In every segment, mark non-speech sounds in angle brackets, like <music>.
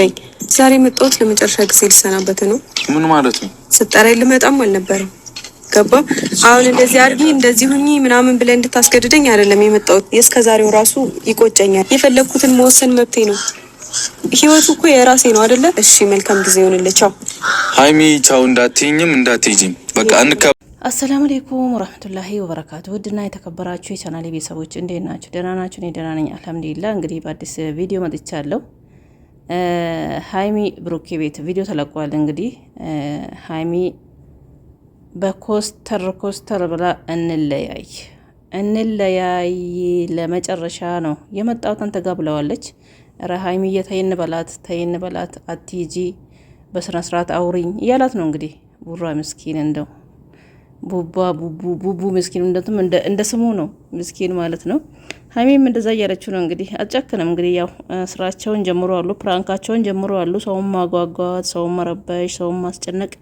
ነኝ ዛሬ መጣሁት ለመጨረሻ ጊዜ ልሰናበት ነው። ምን ማለት ነው? ስጠራኝ ልመጣም አልነበረም። ገባ? አሁን እንደዚህ አድርጊ እንደዚህ ሁኚ ምናምን ብለህ እንድታስገድደኝ አይደለም የመጣሁት። የእስከ ዛሬው ራሱ ይቆጨኛል። የፈለግኩትን መወሰን መብቴ ነው። ህይወቱ እኮ የራሴ ነው አይደለ? እሺ፣ መልካም ጊዜ ይሆንልህ። ቻው ሀይሚ። ቻው። እንዳትይኝም እንዳትይጂም በቃ እንከ አሰላሙ አሌይኩም ወረህመቱላሂ ወበረካቱ። ውድና የተከበራችሁ የቻናሌ ቤተሰቦች እንዴት ናችሁ? ደህና ናችሁ? እኔ ደህና ነኝ እንግዲህ በአዲስ ቪዲዮ መጥቻለሁ። ሀይሚ ብሩኬ ቤት ቪዲዮ ተለቋል። እንግዲህ ሀይሚ በኮስተር ኮስተር ብላ እንለያይ እንለያይ ለመጨረሻ ነው የመጣሁት አንተ ጋር ብለዋለች። ኧረ ሀይሚዬ ተይን በላት ተይን በላት አትሂጂ፣ በስነ ስርዓት አውሪኝ እያላት ነው እንግዲህ ቡራ ምስኪን እንደው ቡባ ቡቡ ቡቡ ምስኪን እንደቱም እንደ ስሙ ነው ምስኪን ማለት ነው። ሀይሚም እንደዛ እያለችው ነው እንግዲህ አጨክንም እንግዲህ ያው ስራቸውን ጀምሮ አሉ፣ ፕራንካቸውን ጀምሮ አሉ፣ ሰውን ማጓጓት፣ ሰውን መረበሽ፣ ሰውን ማስጨነቅ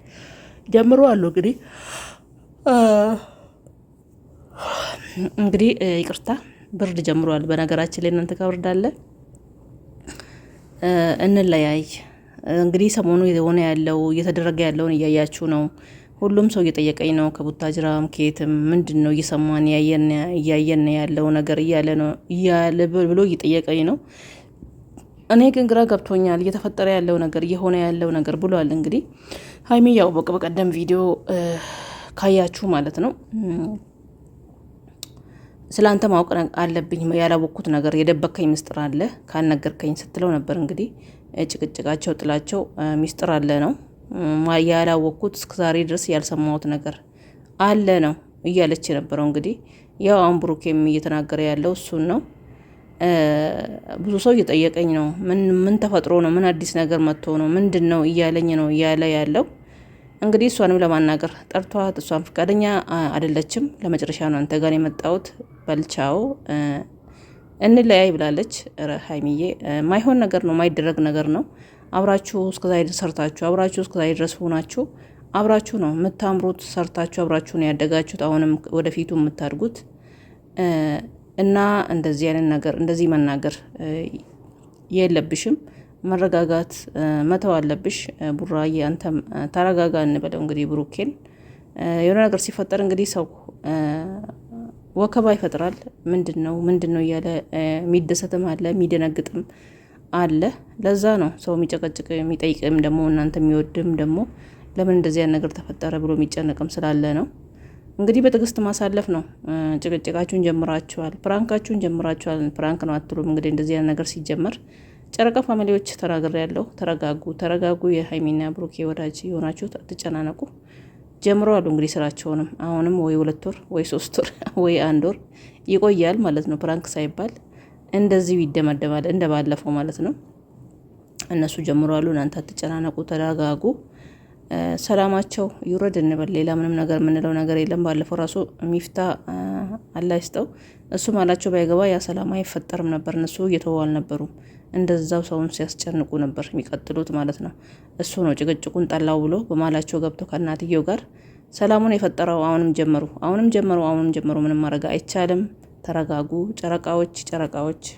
ጀምሮ አሉ። እንግዲህ እንግዲህ ይቅርታ ብርድ ጀምሯል። በነገራችን ላይ እናንተ ከብርድ እንለያይ እንግዲህ ሰሞኑ የሆነ ያለው እየተደረገ ያለውን እያያችሁ ነው ሁሉም ሰው እየጠየቀኝ ነው። ከቡታጅራም ከየትም ምንድን ነው እየሰማን እያየን ያለው ነገር እያለ ነው እያለ ብሎ እየጠየቀኝ ነው። እኔ ግን ግራ ገብቶኛል፣ እየተፈጠረ ያለው ነገር እየሆነ ያለው ነገር ብሏል። እንግዲህ ሀይሚ ያው በቀደም ቪዲዮ ካያችሁ ማለት ነው ስለ አንተ ማወቅ አለብኝ ያላወቅኩት ነገር የደበከኝ ምስጢር አለ ካልነገርከኝ ስትለው ነበር። እንግዲህ ጭቅጭቃቸው፣ ጥላቸው ምስጢር አለ ነው ያላወቅኩት ዛሬ ድረስ ያልሰማሁት ነገር አለ ነው እያለች የነበረው። እንግዲህ ያው አሁን እየተናገረ ያለው እሱን ነው። ብዙ ሰው እየጠየቀኝ ነው፣ ምን ተፈጥሮ ነው፣ ምን አዲስ ነገር መጥቶ ነው፣ ምንድን ነው እያለኝ ነው እያለ ያለው እንግዲህ እሷንም ለማናገር ጠርቷት፣ እሷን ፈቃደኛ አይደለችም። ለመጨረሻ ነው አንተ ጋር የመጣሁት በልቻው እንለያይ ብላለች። ሀይሚዬ ማይሆን ነገር ነው፣ ማይደረግ ነገር ነው። አብራችሁ እስከዛሬ ሰርታችሁ አብራችሁ እስከዛሬ ድረስ ሆናችሁ አብራችሁ ነው የምታምሩት። ሰርታችሁ አብራችሁ ነው ያደጋችሁት። አሁንም ወደፊቱ የምታድጉት እና እንደዚህ አይነት ነገር እንደዚህ መናገር የለብሽም። መረጋጋት መተው አለብሽ። ቡራዬ አንተም ተረጋጋ እንበለው እንግዲህ ብሩኬን። የሆነ ነገር ሲፈጠር እንግዲህ ሰው ወከባ ይፈጥራል። ምንድን ነው ምንድን ነው እያለ የሚደሰትም አለ የሚደነግጥም አለ። ለዛ ነው ሰው የሚጨቀጭቅ የሚጠይቅም ደግሞ እናንተ የሚወድም ደግሞ ለምን እንደዚያ ነገር ተፈጠረ ብሎ የሚጨነቅም ስላለ ነው። እንግዲህ በትዕግስት ማሳለፍ ነው። ጭቅጭቃችሁን ጀምራችኋል፣ ፕራንካችሁን ጀምራችኋል። ፕራንክ ነው አትሉም እንግዲህ እንደዚያ ነገር ሲጀመር ጨረቃ ፋሚሊዎች ተናግሬ ያለው ተረጋጉ፣ ተረጋጉ። የሀይሚና ብሩኬ ወዳጅ የሆናችሁ አትጨናነቁ። ጀምረዋሉ እንግዲህ ስራቸውንም አሁንም ወይ ሁለት ወር ወይ ሶስት ወር <laughs> ወይ አንድ ወር ይቆያል ማለት ነው ፕራንክ ሳይባል እንደዚሁ ይደመደማል፣ እንደ ባለፈው ማለት ነው። እነሱ ጀምሯሉ፣ እናንተ አትጨናነቁ፣ ተረጋጉ፣ ሰላማቸው ይውረድ እንበል። ሌላ ምንም ነገር የምንለው ነገር የለም። ባለፈው ራሱ ሚፍታ አላህ ይስጠው እሱ ማላቸው ባይገባ ያ ሰላም አይፈጠርም ነበር። እነሱ እየተወው አልነበሩም፣ እንደዛው ሰውን ሲያስጨንቁ ነበር የሚቀጥሉት ማለት ነው። እሱ ነው ጭቅጭቁን ጠላው ብሎ በማላቸው ገብቶ ከእናትየው ጋር ሰላሙን የፈጠረው። አሁንም ጀመሩ፣ አሁንም ጀመሩ፣ አሁንም ጀመሩ። ምንም ማድረግ አይቻልም። ተረጋጉ ጨረቃዎች ጨረቃዎች